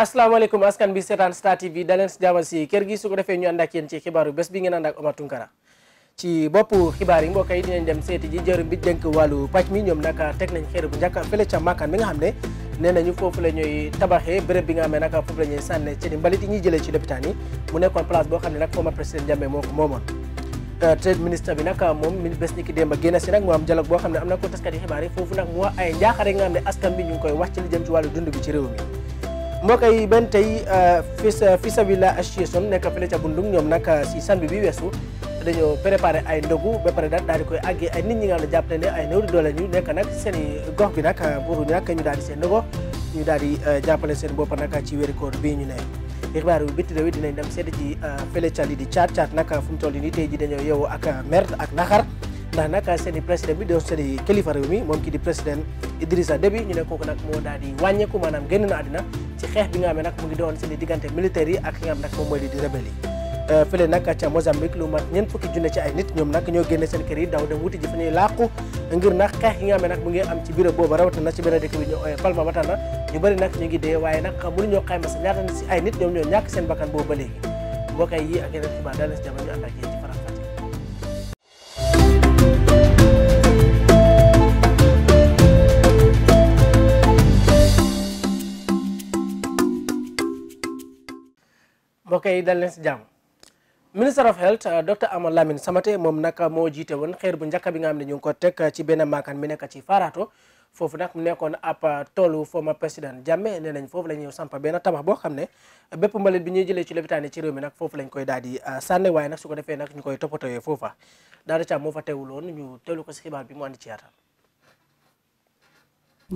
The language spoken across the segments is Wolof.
asalaamaaleykum askan bi seetaan Star TV daleen si jàmm si kër gi su ko defee ñu ànd ak yéen ci xibaaru bés bi ngeen ànd ak Tunkara ci bopp xibaar yi mbokk yi bu njëkk fële ca màkkaan bi nga ne nee nañu foofu la ñuy tabaxee la ñuy sànne ci di mbalit yi ñuy jëlee ci lopitaan yi mu nekkoon place boo xam ne nag former président Jammeh moo moom ay njaaxare nga xam ne askan bi ñu koy wax ci li jëm ci wàllu dund bi ci réew mi moo koy benn tey euh, fi euh, Savilla association nekk fële ca Bundung ñoom nag euh, si samedi bi weesu dañoo préparé ay ndogu ba pare daal di koy àggee ay nit ñi nga xam ne jàpp ne ay néew doole ñu nekk nag seen i gox bi nag pour ñu nag daal di seen ndogo ñu daal di jàppale seen bopp nag ci wéru koor bii ñu ne. xibaar bi bitti réew dinañ dem seeti ci fële ca lii di caat caat nag fu mu toll nii tey ji dañoo yeewoo ak mer ak naxar. ndax nag seen i président bi doon seen i kilifa réew mi moom kii di président Idrissa Déby ñu ne kooku nag moo daal di maanaam génn na àddina ci xeex bi nga xam ne nag mu ngi doon seen i diggante militaires yi ak ki nga xam nag moom mooy li di rebelle yi euh, fële nag ca Mozambique lu mat ñeent fukki junne ci ay nit ñoom ñoo génne seen kër yi daw dem wuti ji fa ñuy am ci biir boobu rawatina ci benn dëkk bi ñu euh, Palma Matana ñu bëri nag ñàkk seen bakkan boobu ba léegi mbokk yi ak yeneen xibaar daal si jamono ñu ànd ak yéen mbokk yi dal leen si jàmm minister of health euh, docteur Amadou Lamine Samaté moom nag moo jiite woon xeer bu njëkk bi nga xam ne ñu ko teg ci benn maakaan mi nekk ci Farato foofu nag mu nekkoon ab euh, toolu former président Jammeh ne nañ foofu la ñuy samp benn tabax boo xam ne bépp mbalit bi ñuy jëlee ci lopitaan yi ci réew mi nag foofu lañ koy daal di euh, sànne waaye nag su ko defee nag ñu koy toppatoo foofa daal di caa moo fa teewuloon ñu teewlu ko si xibaar bi mu andi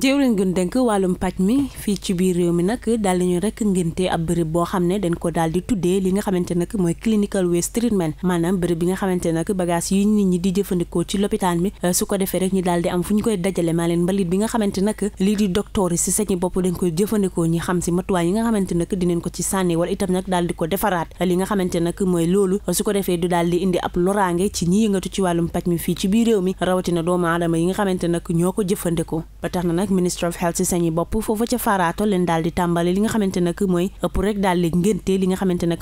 jëwriñ gun dénk wàllum paj mi fii ci biir réew mi nag daal di ñu rek ngénte ab bërëb boo xam ne dañ ko daal di tuddee li nga xamante nag mooy clinical waste treatment maanaam bërëb bi nga xamante nag bagage yi nit ñi di jëfandikoo ci lopitaan bi euh, su ko defee rek daal di am fu ñu koy dajale maa leen mbalit bi nga xamante nag lii di docteur yi si bopp dañ koy jëfandikoo ñi xam si matuwaay yi nga xamante nag dinañ ko ci sànni wala itam nag ko defaraat li nga xamante nag mooy loolu su ko defee du daal di indi ab loraange ci ñi yëngatu ci wàllum paj mi fii ci biir réew mi rawatina doomu aadama yi nga xamante nag ñoo ko jëfandikoo ba tax na nag ministre of health si sañi bopp foofa ca faaraato leen daal di li nga xamante nag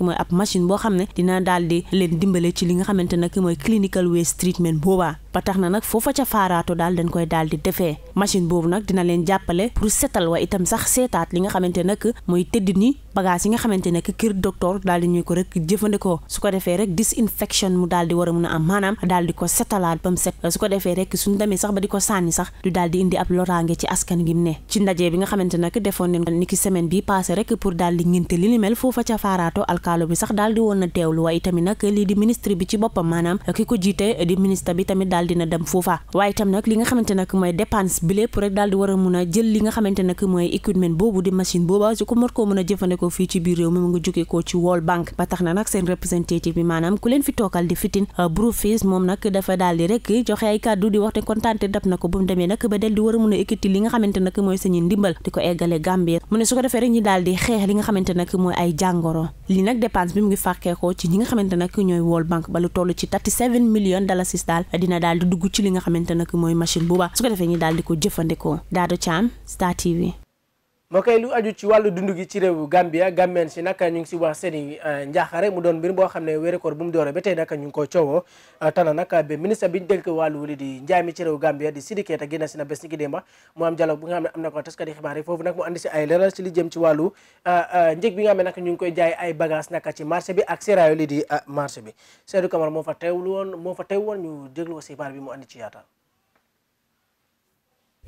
mooy ab machine boo xam ne dina daal leen dimbale ci li nga xamante nag mooy clinical waste treatment boobaa ba tax na nag foofa ca faaraato daal dañ defee machine boobu nag dina leen jàppale pour setal wa itam sax seetaat li nga xamante nag mooy tëdd ni bagage yi nga xamante ne kër docteur daal di ko rek jëfandikoo su ko defee rek disinfection a a askan gi mu ne ci ndaje bi nga xamante nag defoon ni ki semaine bi passé rek pour daal di ngénte li ni mel foofa ca faaraato alkaalo bi sax daal di woon na dem foofa waaye itam nag li nga xamante nag mooy dépense bi lépp rek daal di war a mun a jël li nga xamante nag mooy équipement boobu di machine booba su ko mot koo mën a jëfandikoo fii ci biir réew mi mu ngi jóge ko ci World Bank ba tax na nag seen représentative bi maanaam ku leen fi tookal nga xamante nag mooy sañu ndimbal di ko eggale Gambie mu ne su ko defee rek ñu daal di xeex li nga xamante nag mooy ay jàngoro li nag dépense bi mu ngi fàkkee ci ñi nga xamante nag ñooy World Bank ba lu toll ci 37 millions dalasis daal dina daal di dugg ci li nga xamante nag mooy machine booba su ko defee ñu daal di ko jëfandikoo Dado Thiam Star TV moo koy lu aju ci wàllu dund gi ci réewu Gambia gambien si nag ñu ngi si wax seen i eh, njaaxare doon mbir boo xam ne weeru ko coowoo eh, tana nag ba ministre bi ñu dénk wàllu li di njaay mi ci réew Gambia di Sidi Keita génn si na bés ni ki démba mu am dialogue bu nga xam ne am na ko taskati xibaar yi foofu nag mu andi si ay leeral si li jëm ci wàllu eh, njëg bi nga xam ne nag ñu ngi koy jaay ay bagage nag ci marché bi ak seeraayo li di marché bi Seydou Camara moo fa teewlu woon moo fa teew woon ñu déglu ko si bi mu andi ci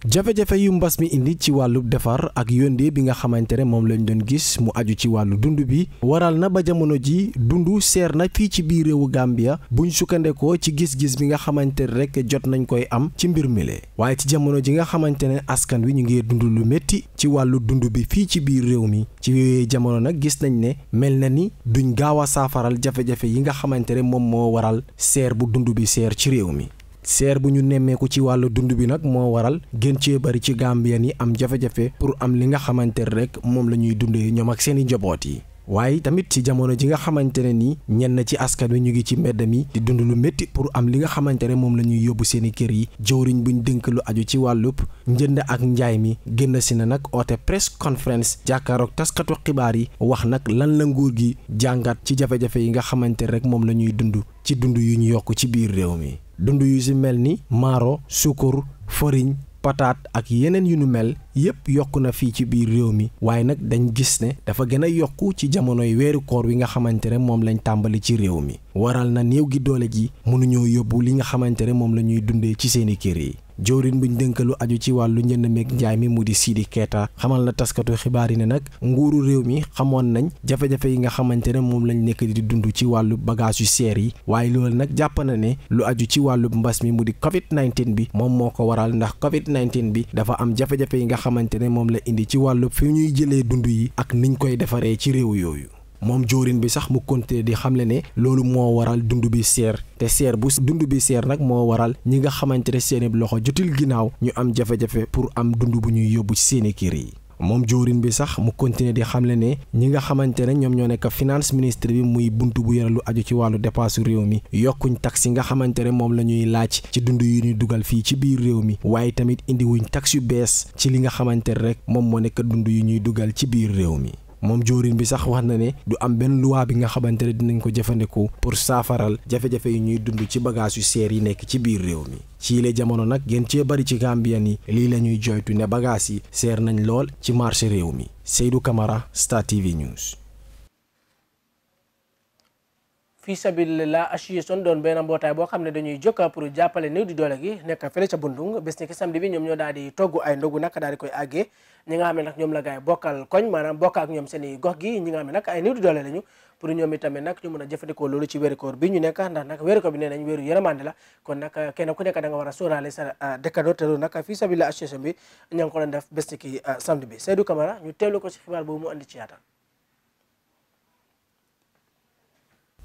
jafe-jafe yu mbas mi indi ci wàllu defar ak yóndee bi nga xamante ne moom lañ doon gis mu aju ci wàllu dund bi waral na ba jamono ji dund seer na fii ci biir réewu Gambia buñ sukkandekoo ci gis-gis bi nga xamante ne rek jot nañ koy am ci mbir mile waaye ci jamono ji nga xamante ne askan wi ñu ngi dund lu métti ci wàllu dund bi fii ci biir réew mi ci yooyee jamono nag gis nañ ne mel na ni duñ gaaw a saafaral jafe-jafe yi nga xamante ne moom moo waral seer bu dund bi seer ci réew mi seer bu ñu nemmeeku ci wàll dund bi nag moo waral gën cee bari ci Gambien yi am jafe-jafe pour am li nga xamante rek moom la ñuy dundee ñoom ak seeni njaboot yi. waaye tamit ci jamono ji nga xamante ne ni ñenn ci askan wi ñu ngi ci mbedd mi di dund lu métti pour am li nga xamante ne moom la ñuy yóbbu seen i kër yi jëwriñ bu dënk lu aju ci wàllub njënd ak njaay mi génn si na nag oote press conference jàkkaaroog taskatu xibaar yi wax nag lan la nguur gi jàngat ci jafe-jafe yi nga xamante rek moom la ñuy dund ci dund yu ñu yokk ci biir réew mi dund yu si mel ni maaro sukur foriñ pataat ak yeneen yu nu mel yépp yokk na fii ci biir réew mi waaye nag dañ gis ne dafa gën a yokk ci jamonoy weeru koor wi nga xamante ne moom lañ tàmbali ci réew mi waral na néew gi doole ji mënuñoo yóbbu li nga xamante ne moom la ñuy dundee ci seeni kër yi jëwriñ buñ dënk lu aju ci wàllu njënd meeg njaay mi mu di siidi Keita xamal na taskatu xibaar yi ne nag nguuru réew mi xamoon nañ jafe-jafe yi nga xamante ne moom lañu nekk di dund ci wàllu bagage yu seer yi waaye loolu nag jàpp na ne lu aju ci wàllu mbas mi mu di Covid 19 bi moom moo ko waral ndax Covid 19 bi dafa am jafe-jafe yi nga xamante ne moom la indi ci wàllu fi ñuy jëlee dund yi ak niñ koy defaree ci réew yooyu. moom joorin bi sax mu konte di xamle ne loolu moo waral dund bi seer te seer bu dund bi seer nag moo waral ñi nga xamante ne seeni loxo jotil ginnaaw ñu am jafe-jafe pour am dund bu ñuy yóbbu ci seeni kër yi. moom joorin bi sax mu continuer di xamle ne ñi nga xamante ne ñoom ñoo nekk finance ministre bi muy bunt bu yore lu aju ci wàllu dépense réew mi yokkuñ tax yi nga xamante ne moom la ñuy laaj ci dund yu ñuy dugal fii ci biir réew mi waaye tamit indiwuñ tax yu bees ci li nga xamante ne rek moom moo nekk dund yu ñuy dugal ci biir réew mi. moom joorin bi sax wax na ne du am benn loi bi nga xamante ne dinañ ko jëfandikoo pour saafaral jafe-jafe yi ñuy dund ci bagage yu seer yi nekk ci biir réew mi ci jamono nag gën cee bari ci Gambien yi lii la ñuy joytu ne bagage yi seer nañ lool ci marché réew mi Seydou Camara Star TV News fii sabilillah association doon benn mbootaay boo xam ne dañuy jokka pour jàppale néew di doole gi nekk fële ca Bundung bés ni ki samedi bi ñoom ñoo daal di togg ay ndogu nag daal di koy àggee ñi nga i gox gi ñi nga xam ne nag ay néew ñu mën a jëfandikoo loolu ku nekk da a sóoraale sa ah, dëkkandoo te loolu nag ko doon def bés ah, ci xibaar boobu mu andi ci yaatal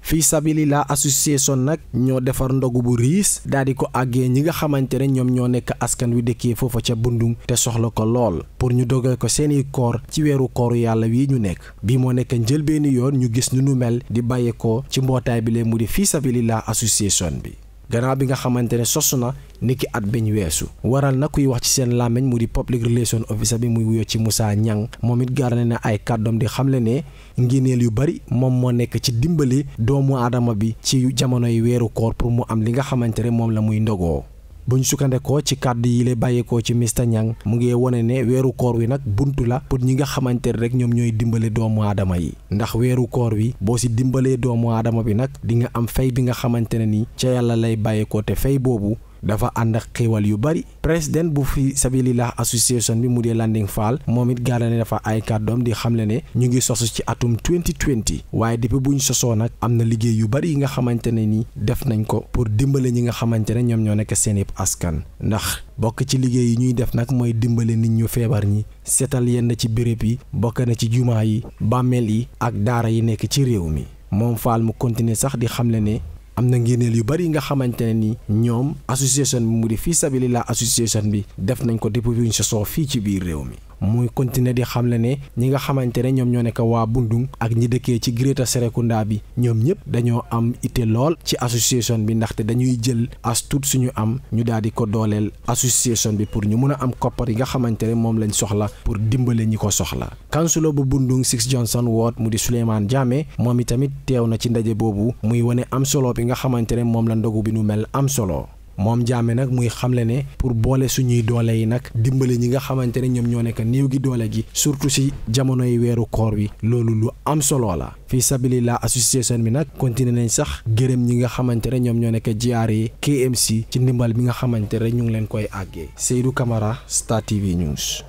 fii sabilillah association nag ñoo defar ndogu bu riis daal di ko àggee ñi nga xamante ne ñoom ñoo nekk askan wi dëkkee foofa ca bundung te soxla ko lool pour ñu doge ko seeni koor ci weeru kooru yàlla wi ñu nekk bii moo nekk njëlbeeni yoon ñu gis nu nu mel di bàyyeekoo ci mbootaay bi mu di fii sabilillah association bi gannaaw bi nga xamante ne sos na niki at biñ weesu waral na kuy wax ci seen làmmiñ mu di public relation officer bi muy wuyoo ci Moussa Niang moom it gaar na ne ay kàddoom di xamle ne ngéneel yu bari moom moo nekk ci dimbali doomu aadama bi ci jamonoy weeru koor pour mu am li nga xamante ne moom la muy ndogoo bu buñ sukkandekoo ci kàdd yi lay bàyyeekoo ci Mr Niang mu ngi wone ne weeru koor wi nag buntu la pour ñi nga xamante ne rek ñoom ñooy dimbale doomu aadama yi ndax weeru koor wi boo si dimbalee doomu aadama bi nag di nga am fay bi nga xamante ne ni ca yàlla lay bàyyeekoo te fay boobu dafa ànd ak xéewal yu bari président bu fi sabilillah association bi mu dee Landing faal moom it gaara ne dafa ay kàddoom di xamle ne ñu ngi sosu ci atum 2020 waaye depuis bu ñu sosoo nag am na liggéey yu bari yi nga xamante ne ni def nañ ko pour dimbale ñi nga xamante ne ñoom ñoo nekk seen yëpp askan ndax bokk ci liggéey yi ñuy def nag mooy dimbale nit ñu feebar ñi seetal yenn ci béréb yi bokk na ci jumaa yi bàmmeel yi ak daara yi nekk ci réew mi moom Fall mu continuer sax di xamle ne am na ngéneel yu bëri nga xamante ne ni ñoom association bi mu di fii sabilillah association bi def nañ ko depuis ñu sosoo fii ci biir réew mi muy continuer di xamle ne ñi nga xamante ne ñoom ñoo ne nekk waa Bundung ak ñi dëkkee ci Greater Serekunda bi ñoom ñëpp dañoo am ité lool ci association bi ndaxte dañuy jël as tuut suñu am ñu daal di ko dooleel association bi pour ñu mun a am koppar yi nga xamante ne moom lañ soxla pour dimbale ñi ko soxla. kansulo bu Bundung Six Johnson Ward mu di Souleymane Jammeh moom itamit teew na ci ndaje boobu muy wane am solo bi nga xamante ne moom la ndogu bi nu mel am solo. moom jaame nag muy xamle ne pour boole suñuy doole yi nag dimbali ñi nga xamante ne ñoom ñoo nekk néew gi doole gi surtout si jamonoy weeru koor wi loolu lu am solo la fii sabilillah association bi nag continué nañ sax gërëm ñi nga xamante ne ñoom ñoo nekk jiyaar yi KMC ci ndimbal bi nga xamante ne ñu ngi leen koy àggee Seydou Camara Star TV News.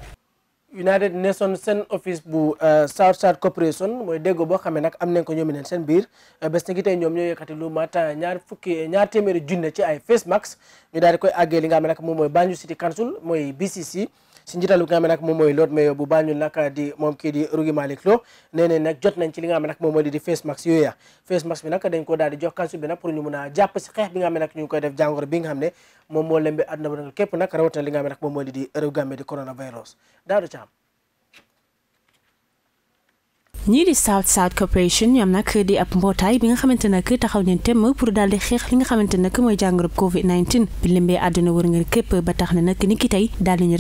United Nations seen office bu euh, South South Corporation mooy déggoo boo xam ne nag am nañ ko ñoom neen seen biir euh, bés ni ki ñoom ñoo yëkkati lu mat euh, ñaar fukki ñaar téeméeri junne ci ay face mask ñu daal di koy àggee li nga xam ne nag moom mooy Banjul City Council mooy BCC si njitalu nga xam ne nag moom mooy Lord Mayor bu Banjul nag di moom kii di Rugi Malick Lo nee ne nag jot nañ ci li nga xam ne nag moom mooy di face mask yooya face mask bi nag ko daal di jox council bi nag pour ñu mun a jàpp si xeex bi nag ñu koy def jàngoro bi nga ne moom moo lembe àdduna ba képp nag rawatina li nga xam nag moom mooy di réew Gambie di coronavirus daadu caam ñii di South South Corporation ñoom nag di ab mbootaay bi nga xamante nag taxaw neen temm pour daal di xeex li nga xamante nag mooy jàngorob covid 19 bi lëmbee àdduna wër nga képp ba tax na nag ni ki tey daal di ñu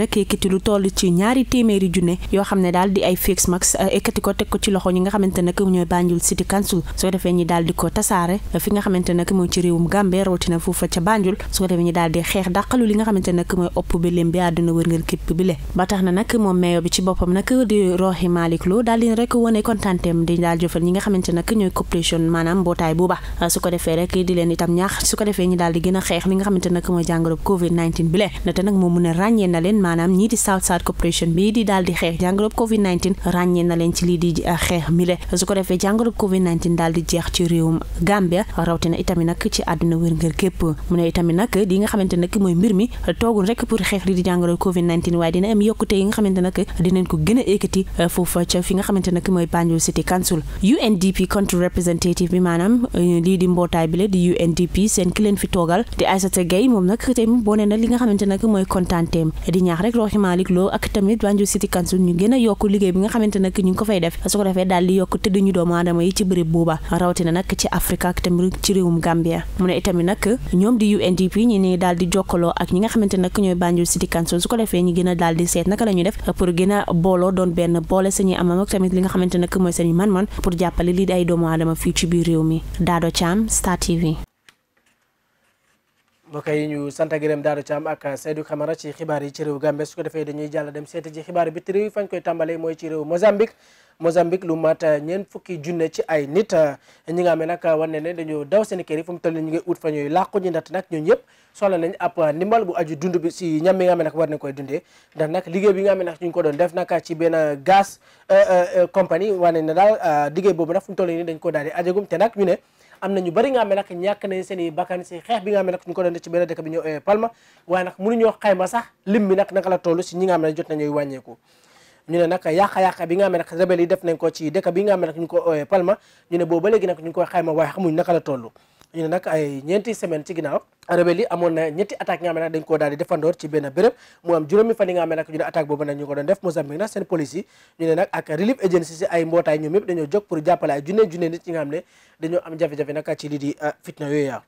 yoo xam ne daal di ay fix max eh, ko teg ko ci loxo ñi nga xamante nag ñooy Banjul City Council soo defee ñi daal di ko tasaare fi nga xamante nag mooy ci réewum Gambie rawatina foofa ca Banjul soo defee ñi daal di xeex dàqalu li nga xamante nag mooy opp bi lëmbee àdduna wër nga képp bi le ba tax na nag moom meyo bi ci boppam nag di Rohey Malick Lowe daal di rek wone kon kontaanteem nag ah, a ci àdduna wërngër képp mu ne itamit nag li nga nag mooy mbir mi toogul rek pour xeex li di jàngoro covid 19 waaye dina yokkute yi nga xamante nag dinañ ko gën a yëkkati ah, fi nga xamante nag mooy Banjul eh, su ko defee daal di yokk tëdd ñu doomu aadama yi ci bërëb booba rawatina nag ci Afrique ak tamit ci réewum Gambia mu ne itamit nag ñoom di UNDP ñi ne daal di jokkaloo ak ñi nga xamante nag ñooy Banjul City Council su ko defee ñu gën a di seet naka la def pour gën booloo doon benn boole sañuy amam ak tamit li nga xamante nag rek mooy seen man-man pour jàppale lii di ay doomu adama fii ci biir réew mi Dado Thiam Star TV. mbokk yi ñu sant gërëm Dado Thiam ak Seydou Camara ci xibaar yi ci réew Gambie su ko defee dañuy jàll dem seeti ci xibaar bi te fañ koy tàmbalee mooy ci réew Mozambique. Mozambique lu mat euh, ñeent fukki junne ci ay nit euh, ñi nga xam ne nag wane ne dañoo daw seen kër yi fu mu toll ñu ngi ut fa ñooy làqu ñi ndax nag ñëpp soxla nañ ab euh, ndimbal bu aju bi si ñam yi nga xam ne nag war nañ koy dundee ndax nag liggéey bi nga xam ne ñu ngi ko doon def nag ci benn gaz compagnie wane ne daal liggéey boobu nag fu mu toll nii dañ ko daal di te nag ñu ne am na ñu xam ne nag ñàkk nañ seen i bakkan si nga xam ne nag ñu ko doon def ci benn dëkk bi ñoo Palma waaye nag mënuñoo xayma sax lim mi nag naka la toll si ñi nga xam ne jot nañuy wàññeeku ñu ne nag yàq-yàq bi nga xam ne nag rebelle yi def nañ ko ci dëkk bi nga xam ne nag ñu ko ooyee euh, Palma ñu ne boobu ba léegi nag ñu ngi koy xayma waaye xamuñ naka la toll ñu ne nag ay ñeenti semaine ci ginnaaw rebelle yi amoon na ñetti attaque nga xam ne nag dañ koo daal di defandoor ci benn béréb mu am juróomi fan def Mozambique nag seen police ñu ne nag ak relief agency si ay mbootaay ñoom yëpp dañoo jóg pour jàppale ay junne junne nit ñi nga xam ne dañoo am jafe-jafe nag ci lii di euh, fitna yooyu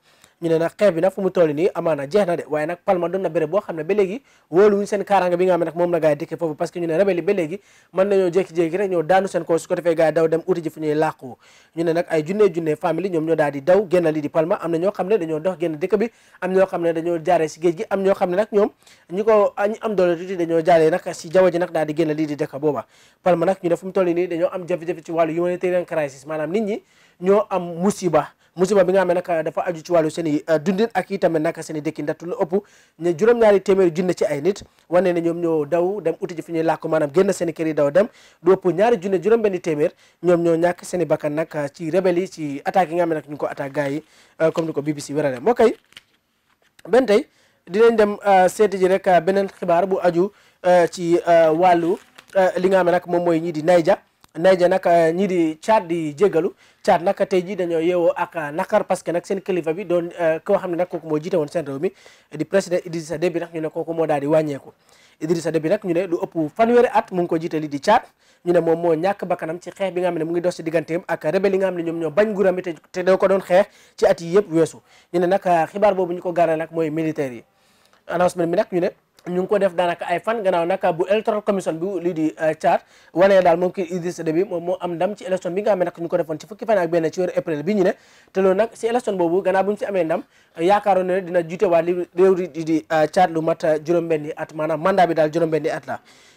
ñu ne nag xeex nag fu mu toll nii amaana jeex na de waaye nag Palma doon na béréb boo xam ne ba léegi wóoluwuñ seen kaaraanga bi nga xam ne nag moom la gars yi dikkee foofu parce que ñu ne rebelle yi ko defee nag ñoo jaare di daw na ñoo génn dëkk bi am ñoo xam ne si géej gi am ñoo xam ne nag ñoom ñi ko ñi am doole tuuti dañoo jaaree nag si jaww ji nag daal di génn lii di dëkk booba Palma nag ñu ne fu mu toll nii dañoo am jafe-jafe ci wàllu humanitarian crisis maanaam nit ñi ñoo am musiba musiba bi nga xam ne nag dafa aju ci wàllu seen i euh, dundin ak itamit nag seen i dëkki ndaxte lu ëpp ñu juróom-ñaari téeméeri junne ci ay nit wane ne ñoom ñoo daw dem uti ji fi ñuy làkk maanaam génn seen i kër yi daw dem lu ëpp ñaari junne juróom-benni téeméer ñoom ñoo ñàkk seen i nag euh, ci rebelle yi ci attaques yi nga xam ne nag ñu ko attaque gars yi euh, comme ni ko BBC wérale moo koy benn tey dinañ dem seeti ji rek beneen xibaar bu aju ci wàllu li nga xam ne nag moom mooy ñii di Niger Niger nag ñii di Tchad di jégalu caat naka tey ji dañoo yeewoo ak uh, nakar parce que nag seen kilifa bi doon uh, koo xam ne nag kooku moo jiite woon seen réew mi di président Idrissa Déby nag ñu ne kooku moo daal di wàññeeku Idrissa Déby nag ñu ne ko jiite li di caat ñu ne moom moo ñàkk bakkanam ci xeex bi nga xam ne mu ngi dos ci digganteem ak rebelle yi nga xam ne ñoom ñoo bañ nguuram bi te doo ko doon xeex ci at yi yëpp weesu ñu ne nag uh, xibaar boobu ñu ko gaaree nag mooy militaire yi announcement bi nag ñu ne ñu ngi ko def daanaka ay fan gannaaw nag bu electoral commission bi lii di euh, Tchad wanee daal moom kii Idrissa Déby moom moo am ndam ci élection bi nga xam ne nag ñu ko defoon ci fukki fan ak benn ci weeru avril bi ñu ne te loolu nag si élection boobu gannaaw bu ñu si amee ndam yaakaaroon ne dina jiite waa li réew di di euh, Tchad lu mat juróom-benni at maanaam mandaa bi daal juróom-benni at la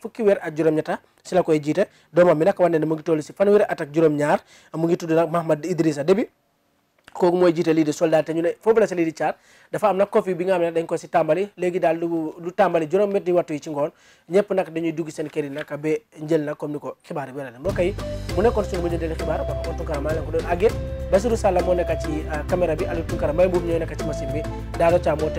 fukki weer ak juróom-ñetta si la koy jiite doomam bi nag wane ne mu ngi toll si fanweeri at ak juróom-ñaar mu ngi tudd nag Mahamad Idrissa Déby kooku mooy jiite lii di soldat te ñu ne foofu la si nag coffee bi ngoon ñëpp nag dañuy dugg seen kër yi nag njël nag comme ni ko xibaar yi wérale mbokk yi mu nekkoon suñu mujj deli xibaar en tout cas maa leen ko doon àggee Basiru Sàlla moo nekk ci euh, caméra bi Aliou Tunkara Mbay Mbuub ñooy nekk ci machine bi daalo